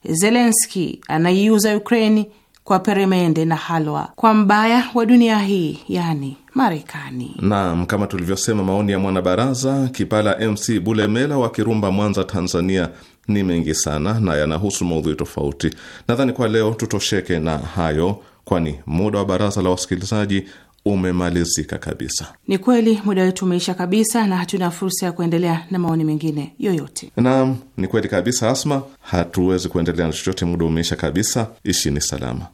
Zelenski anaiuza Ukraini kwa peremende na halwa kwa mbaya wa dunia hii, yani Marekani.
Naam, kama tulivyosema, maoni ya mwanabaraza Kipala MC Bulemela wa Kirumba, Mwanza, Tanzania ni mengi sana na yanahusu maudhui tofauti. Nadhani kwa leo tutosheke na hayo, kwani muda wa baraza la wasikilizaji umemalizika kabisa.
Ni kweli muda wetu umeisha kabisa, na hatuna fursa ya kuendelea na maoni mengine yoyote.
Naam, ni kweli kabisa Asma, hatuwezi kuendelea na chochote, muda umeisha kabisa. Ishini salama.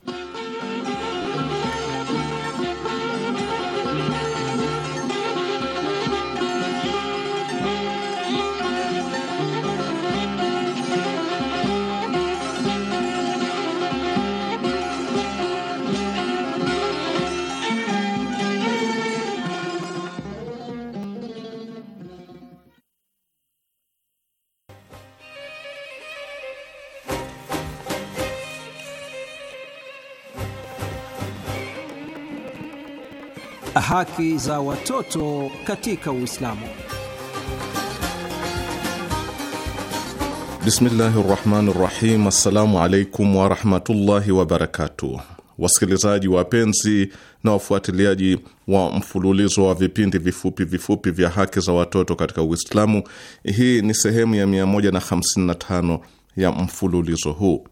haki za watoto katika Uislamu.
Bismillahi rahmani rahim. Assalamu alaikum warahmatullahi wabarakatuh. Wasikilizaji wapenzi na wafuatiliaji wa mfululizo wa vipindi vifupi vifupi vya haki za watoto katika Uislamu, hii ni sehemu ya 155 ya mfululizo huu.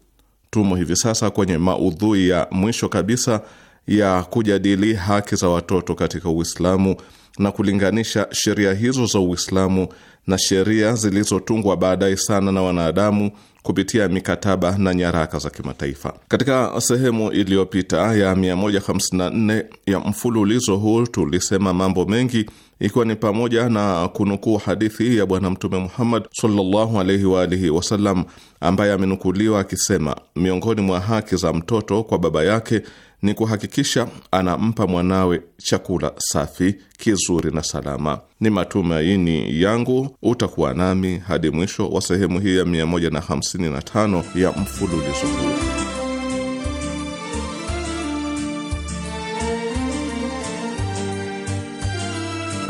Tumo hivi sasa kwenye maudhui ya mwisho kabisa ya kujadili haki za watoto katika Uislamu na kulinganisha sheria hizo za Uislamu na sheria zilizotungwa baadaye sana na wanadamu kupitia mikataba na nyaraka za kimataifa. Katika sehemu iliyopita ya 154 ya mfululizo huu tulisema mambo mengi, ikiwa ni pamoja na kunukuu hadithi ya Bwana Mtume Muhammad sallallahu alaihi wa alihi wasallam, ambaye amenukuliwa akisema, miongoni mwa haki za mtoto kwa baba yake ni kuhakikisha anampa mwanawe chakula safi, kizuri na salama. Ni matumaini yangu utakuwa nami hadi mwisho wa sehemu hii ya 155 ya mfululizo huu.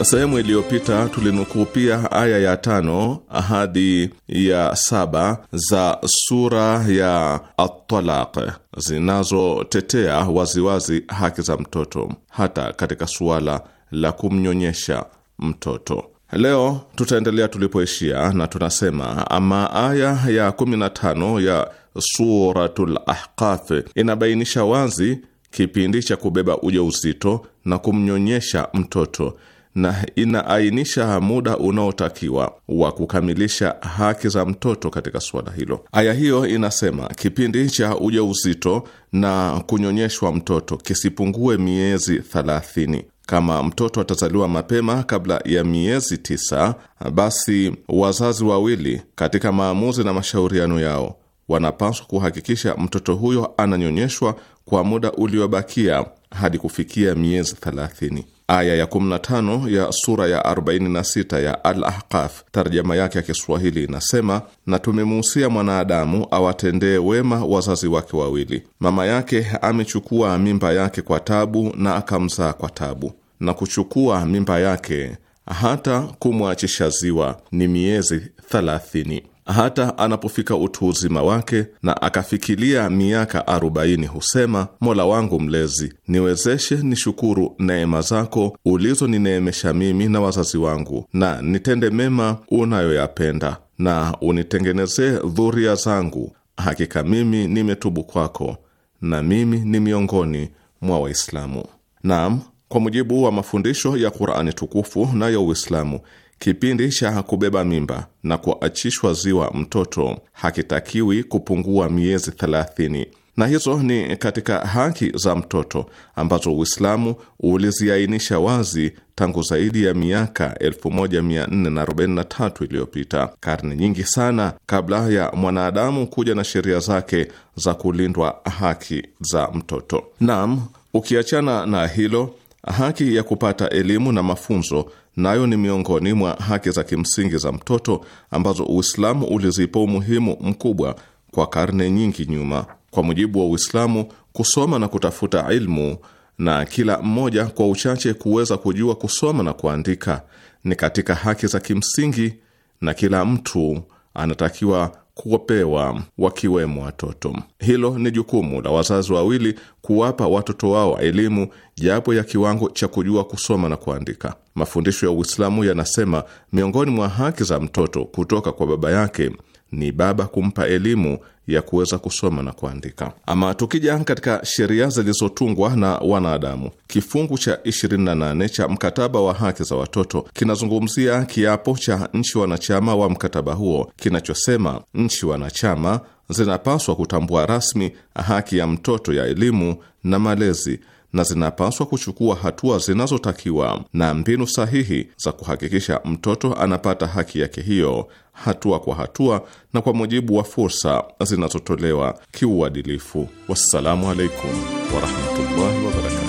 Sehemu iliyopita tulinukuu pia aya ya tano hadi ya saba za sura ya At-Talaq zinazotetea waziwazi haki za mtoto hata katika suala la kumnyonyesha mtoto. Leo tutaendelea tulipoishia na tunasema, ama aya ya 15 ya Suratul Ahqaf inabainisha wazi kipindi cha kubeba ujauzito na kumnyonyesha mtoto na inaainisha muda unaotakiwa wa kukamilisha haki za mtoto katika suala hilo. Aya hiyo inasema kipindi cha ujauzito na kunyonyeshwa mtoto kisipungue miezi thelathini. Kama mtoto atazaliwa mapema kabla ya miezi tisa, basi wazazi wawili katika maamuzi na mashauriano yao wanapaswa kuhakikisha mtoto huyo ananyonyeshwa kwa muda uliobakia hadi kufikia miezi thelathini aya ya 15 ya sura ya 46 ya Al-Ahqaf. Tarjama yake ya Kiswahili inasema, na tumemuhusia mwanadamu awatendee wema wazazi wake wawili. Mama yake amechukua mimba yake kwa tabu na akamzaa kwa tabu, na kuchukua mimba yake hata kumwachisha ziwa ni miezi thalathini hata anapofika utu uzima wake na akafikilia miaka arobaini husema, Mola wangu Mlezi, niwezeshe nishukuru neema zako ulizonineemesha mimi na wazazi wangu, na nitende mema unayoyapenda, na unitengenezee dhuria zangu. Hakika mimi nimetubu kwako, na mimi ni miongoni mwa Waislamu. Naam, kwa mujibu wa mafundisho ya Qur'ani tukufu na ya Uislamu Kipindi cha kubeba mimba na kuachishwa ziwa mtoto hakitakiwi kupungua miezi thelathini, na hizo ni katika haki za mtoto ambazo Uislamu uliziainisha wazi tangu zaidi ya miaka 1443 iliyopita, karne nyingi sana kabla ya mwanadamu kuja na sheria zake za kulindwa haki za mtoto. Naam, ukiachana na hilo Haki ya kupata elimu na mafunzo nayo ni miongoni mwa haki za kimsingi za mtoto ambazo Uislamu ulizipa umuhimu mkubwa kwa karne nyingi nyuma. Kwa mujibu wa Uislamu, kusoma na kutafuta ilmu na kila mmoja kwa uchache kuweza kujua kusoma na kuandika ni katika haki za kimsingi, na kila mtu anatakiwa kuwapewa wakiwemo watoto. Hilo ni jukumu la wazazi wawili kuwapa watoto wao elimu japo ya kiwango cha kujua kusoma na kuandika. Mafundisho ya Uislamu yanasema miongoni mwa haki za mtoto kutoka kwa baba yake ni baba kumpa elimu ya kuweza kusoma na kuandika. Ama tukija katika sheria zilizotungwa na wanadamu, kifungu cha 28 cha mkataba wa haki za watoto kinazungumzia kiapo cha nchi wanachama wa mkataba huo kinachosema, nchi wanachama zinapaswa kutambua rasmi haki ya mtoto ya elimu na malezi na zinapaswa kuchukua hatua zinazotakiwa na mbinu sahihi za kuhakikisha mtoto anapata haki yake hiyo hatua kwa hatua na kwa mujibu wa fursa zinazotolewa kiuadilifu. Wassalamu alaikum warahmatullahi wabarakatuh.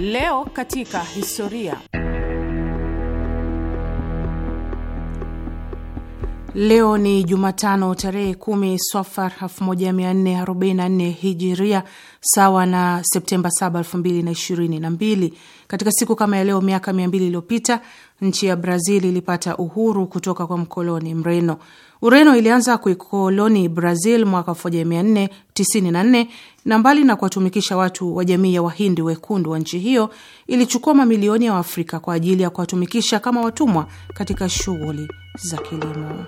Leo katika historia Leo ni Jumatano tarehe kumi Swafar 1444 Hijiria, sawa na Septemba 7, 2022. Katika siku kama ya leo miaka mia mbili iliyopita nchi ya Brazil ilipata uhuru kutoka kwa mkoloni Mreno. Ureno ilianza kuikoloni Brazil mwaka 1494 na mbali na kuwatumikisha watu wa jamii ya Wahindi wekundu wa nchi hiyo, ilichukua mamilioni ya Waafrika kwa ajili ya kuwatumikisha kama watumwa katika shughuli za kilimo.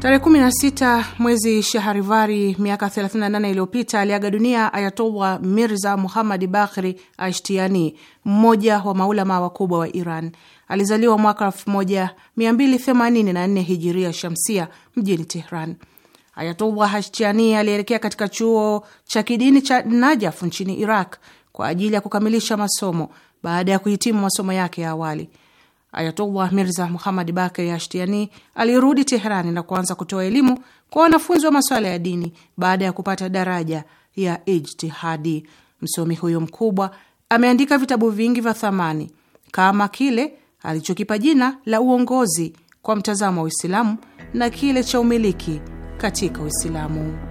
Tarehe 16 mwezi Shaharivari miaka 38 iliyopita aliaga dunia Ayatollah Mirza muhammadi Bakhri Ashtiani, mmoja wa maulama wakubwa wa Iran. Alizaliwa mwaka 1284 hijiria shamsia mjini Tehran. Ayatollah Ashtiani alielekea katika chuo cha kidini cha Najaf nchini Iraq kwa ajili ya kukamilisha masomo baada ya kuhitimu masomo yake ya awali. Ayatollah Mirza Muhammad Bakir Ashtiani alirudi Teherani na kuanza kutoa elimu kwa wanafunzi wa masuala ya dini baada ya kupata daraja ya ijtihadi. Msomi huyo mkubwa ameandika vitabu vingi vya thamani kama kile alichokipa jina la Uongozi kwa mtazamo wa Uislamu na kile cha Umiliki katika Uislamu.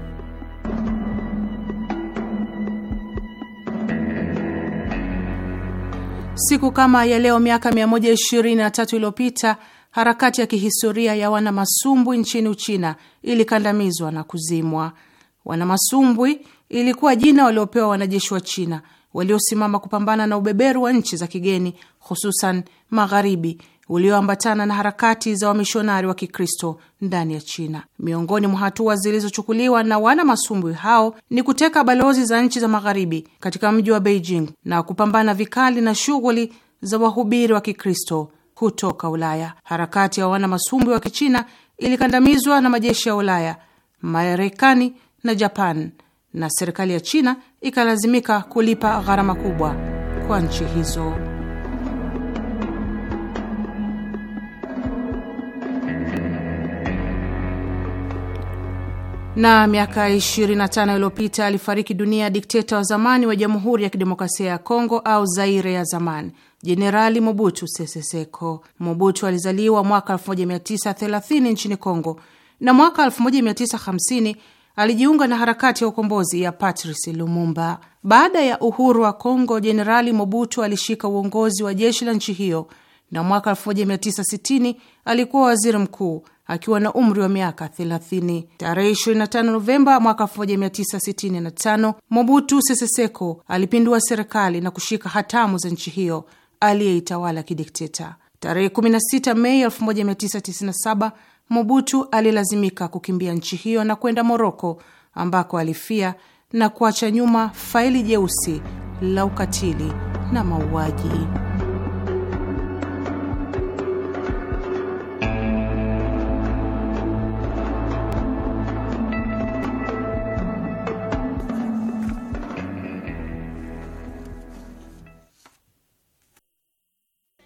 Siku kama ya leo miaka 123 iliyopita harakati ya kihistoria ya wanamasumbwi nchini Uchina ilikandamizwa na kuzimwa. Wanamasumbwi ilikuwa jina waliopewa wanajeshi wa China waliosimama kupambana na ubeberu wa nchi za kigeni, hususan magharibi ulioambatana na harakati za wamishonari wa Kikristo ndani ya China. Miongoni mwa hatua zilizochukuliwa na wana masumbwi hao ni kuteka balozi za nchi za magharibi katika mji wa Beijing na kupambana vikali na shughuli za wahubiri wa Kikristo kutoka Ulaya. Harakati ya wana masumbwi wa Kichina ilikandamizwa na majeshi ya Ulaya, Marekani na Japan, na serikali ya China ikalazimika kulipa gharama kubwa kwa nchi hizo. na miaka 25 iliyopita alifariki dunia ya dikteta wa zamani wa Jamhuri ya Kidemokrasia ya Kongo au Zaire ya zamani, Jenerali Mobutu Sese Seko. Mobutu alizaliwa mwaka 1930 nchini Kongo na mwaka 1950 alijiunga na harakati ya ukombozi ya Patrice Lumumba. Baada ya uhuru wa Kongo, Jenerali Mobutu alishika uongozi wa jeshi la nchi hiyo na mwaka 1960 alikuwa waziri mkuu akiwa na umri wa miaka 30. Tarehe 25 Novemba mwaka 1965 Mobutu Sese Seko alipindua serikali na kushika hatamu za nchi hiyo aliyeitawala kidikteta. Tarehe 16 Mei 1997 Mobutu alilazimika kukimbia nchi hiyo na kwenda Moroko ambako alifia na kuacha nyuma faili jeusi la ukatili na mauaji.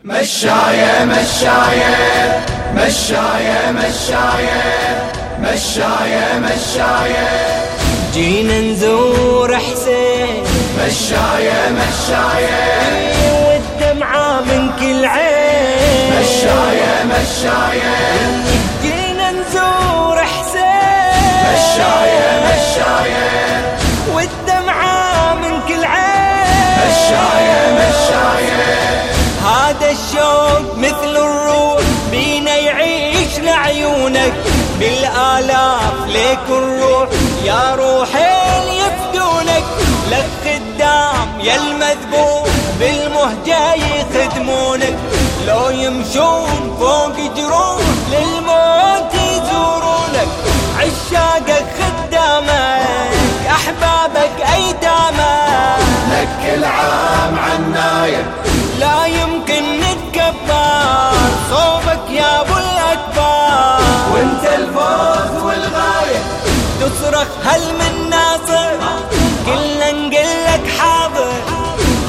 مشاية مشاية مشاية مشاية مشاية مشاية
جينا نزور حسين مشاية مشاية والدمعة من كل عين مشاية مشاية جينا نزور حسين مشاية مشاية والدمعة من كل عين مشاية مشاية الشوق مثل الروح بينا يعيش لعيونك بالآلاف ليك الروح يا روحين يفدونك لك خدام يا المذبوح بالمهجة يخدمونك لو يمشون فوق جروح للموت يزورونك عشاقك خدامك أحبابك أيدامك لك العام
عناية
لا يمكن الجبار صوبك يا ابو الاكبر وانت الفوز والغايه تصرخ هل من ناصر كلنا لك حاضر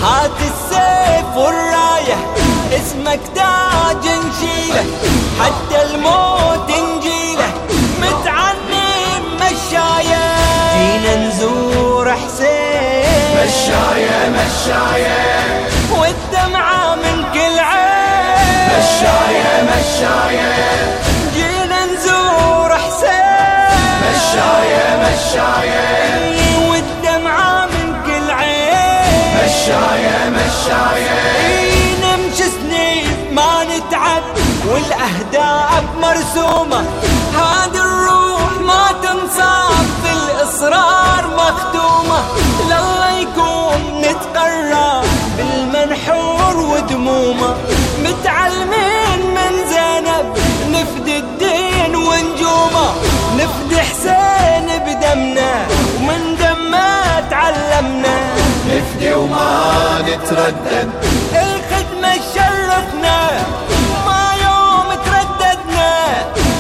هات السيف والرايه اسمك تاج نشيله حتى الموت نجيله متعني مشايه جينا نزور حسين مشايه مشايه مشاية مشاية جينا نزور حسين مشاية مشاية والدمعة من كل عين مشاية مشاية نمشي سنين ما نتعب والأهداف مرسومة تردد الخدمة شرفنا ما يوم ترددنا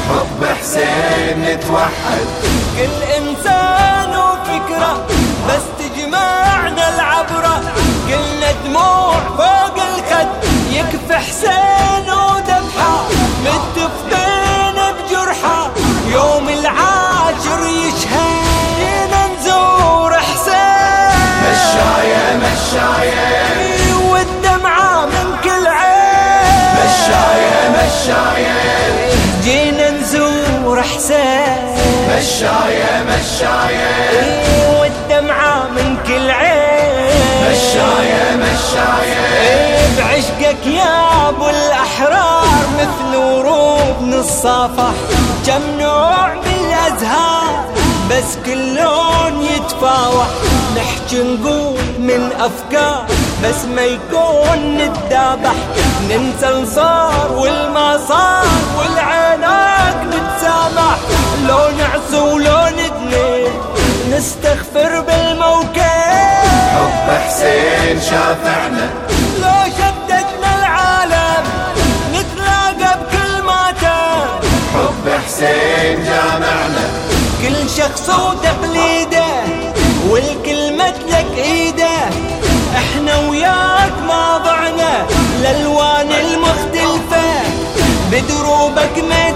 حب حسين نتوحد مشاية مشاية إيه، والدمعة من كل عين مشاية مشاية إيه، بعشقك يا ابو الاحرار مثل ورود نصافح كم نوع من الازهار بس كل لون يتفاوح نحكي نقول من افكار بس ما يكون نتذابح ننسى الصار والما صار والعين لو نعصي ولو ندني نستغفر بالموكب
حب حسين شافعنا
لو شددنا العالم نتلاقى بكل ماتم
حب حسين جامعنا
كل شخص وتقليده والكلمة لك ايده احنا وياك ما ضعنا الالوان المختلفة بدروبك ما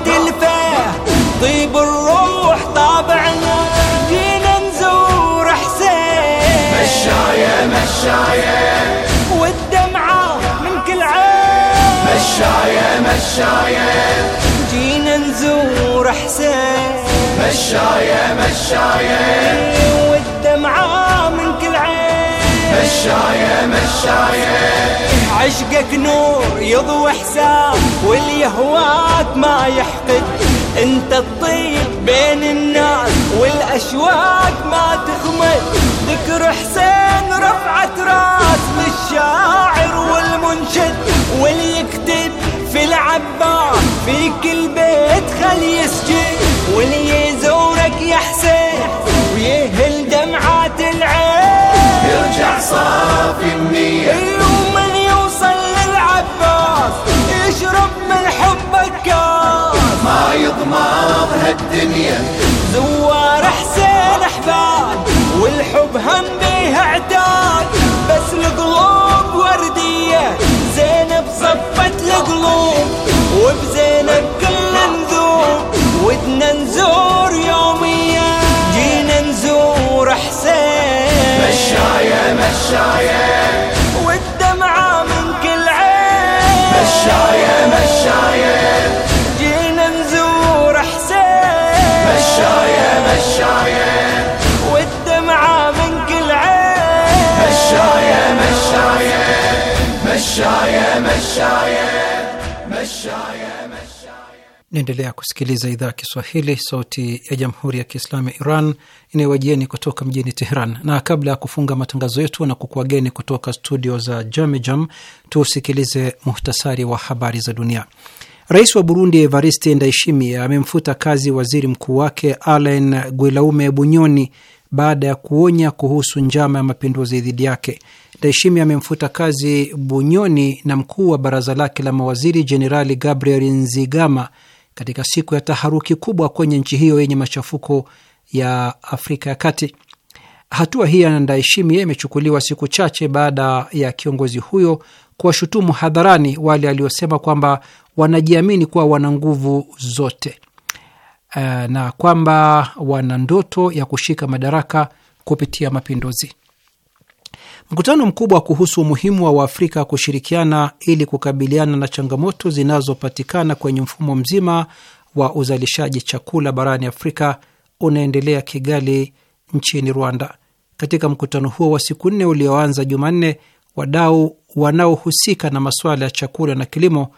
مشاية والدمعة من كل عين مشاية مشاية جينا نزور حسين مشاية مشاية والدمعة من كل عين
مشاية مشاية
عشقك نور يضوي حسام واليهوات ما يحقد انت الطيب بين الناس والأشواق ما تخمل ذكر حسين رفعت راس للشاعر والمنشد وليكتب في العباس في كل بيت خلي يسجد ولي يزورك يا حسين ويهل دمعات العين
يرجع صافي النية
ومن يوصل للعباس يشرب من حبك كاس ما يضمض هالدنيا زوار حسين احباب والحب هم بيه اعتاب بس القلوب وردية زينب صفت القلوب وبزينب كلنا نذوب ودنا نزور يوميا جينا نزور حسين مشاية مشاية والدمعة من كل عين مشاية مشاية
Naendelea kusikiliza idhaa ya Kiswahili, sauti ya jamhuri ya kiislamu ya Iran inayowajieni kutoka mjini Teheran. Na kabla ya kufunga matangazo yetu na kukuwageni kutoka studio za Jamejam, tusikilize muhtasari wa habari za dunia. Rais wa Burundi Evariste Ndayishimiye amemfuta kazi waziri mkuu wake Alain Guillaume Bunyoni baada ya kuonya kuhusu njama ya mapinduzi dhidi yake. Ndayishimiye amemfuta kazi Bunyoni na mkuu wa baraza lake la mawaziri Jenerali Gabriel Nzigama katika siku ya taharuki kubwa kwenye nchi hiyo yenye machafuko ya Afrika ya Kati. Hatua hii ya Ndayishimiye imechukuliwa siku chache baada ya kiongozi huyo kuwashutumu hadharani wale aliosema kwamba wanajiamini kuwa wana nguvu zote eh, na kwamba wana ndoto ya kushika madaraka kupitia mapinduzi. Mkutano mkubwa kuhusu umuhimu wa Waafrika kushirikiana ili kukabiliana na changamoto zinazopatikana kwenye mfumo mzima wa uzalishaji chakula barani Afrika unaendelea Kigali nchini Rwanda. Katika mkutano huo wa siku nne ulioanza Jumanne, wadau wanaohusika na masuala ya chakula na kilimo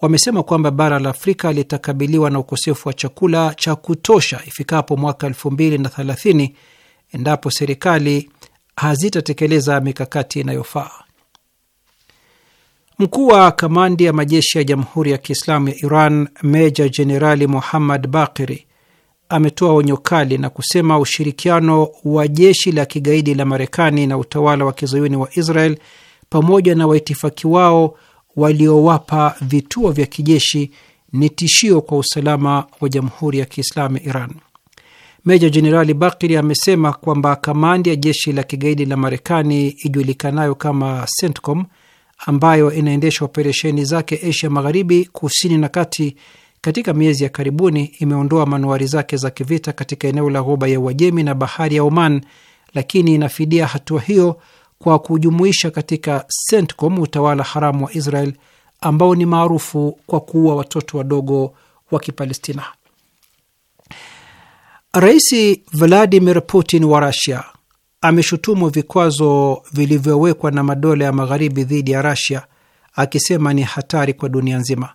wamesema kwamba bara la Afrika litakabiliwa na ukosefu wa chakula cha kutosha ifikapo mwaka 2030 endapo serikali hazitatekeleza mikakati inayofaa. Mkuu wa kamandi ya majeshi ya Jamhuri ya Kiislamu ya Iran Meja Jenerali Muhammad Bakiri ametoa onyo kali na kusema ushirikiano wa jeshi la kigaidi la Marekani na utawala wa kizayuni wa Israel pamoja na waitifaki wao waliowapa vituo vya kijeshi ni tishio kwa usalama wa Jamhuri ya Kiislamu ya Iran. Meja Jenerali Bakiri amesema kwamba kamandi ya jeshi la kigaidi la Marekani ijulikanayo kama CENTCOM ambayo inaendesha operesheni zake Asia Magharibi, kusini na kati katika miezi ya karibuni imeondoa manuari zake za kivita katika eneo la Ghuba ya Uajemi na bahari ya Oman, lakini inafidia hatua hiyo kwa kujumuisha katika CENTCOM utawala haramu wa Israel ambao ni maarufu kwa kuua watoto wadogo wa Kipalestina. Rais Vladimir Putin wa Rasia ameshutumu vikwazo vilivyowekwa na madola ya magharibi dhidi ya Rasia akisema ni hatari kwa dunia nzima.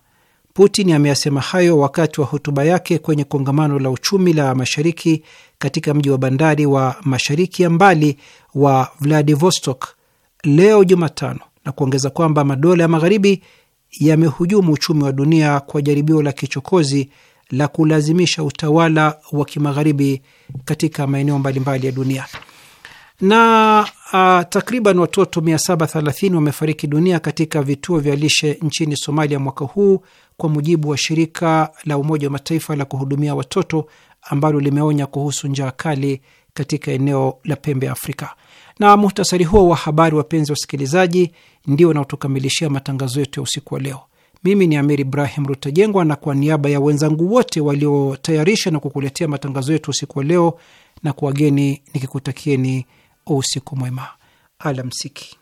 Putin ameyasema hayo wakati wa hotuba yake kwenye kongamano la uchumi la mashariki katika mji wa bandari wa mashariki ya mbali wa Vladivostok leo Jumatano, na kuongeza kwamba madola ya magharibi yamehujumu uchumi wa dunia kwa jaribio la kichokozi la kulazimisha utawala wa kimagharibi katika maeneo mbalimbali ya dunia. Na uh, takriban watoto 730 wamefariki dunia katika vituo vya lishe nchini Somalia mwaka huu kwa mujibu wa shirika la Umoja wa Mataifa la kuhudumia watoto ambalo limeonya kuhusu njaa kali katika eneo la pembe ya Afrika. Na muhtasari huo wa habari, wapenzi wa usikilizaji ndio unaotukamilishia matangazo yetu ya usiku wa leo. Mimi ni Amir Ibrahim Rutajengwa, na kwa niaba ya wenzangu wote waliotayarisha na kukuletea matangazo yetu usiku wa leo na kuwageni nikikutakieni usiku mwema, alamsiki.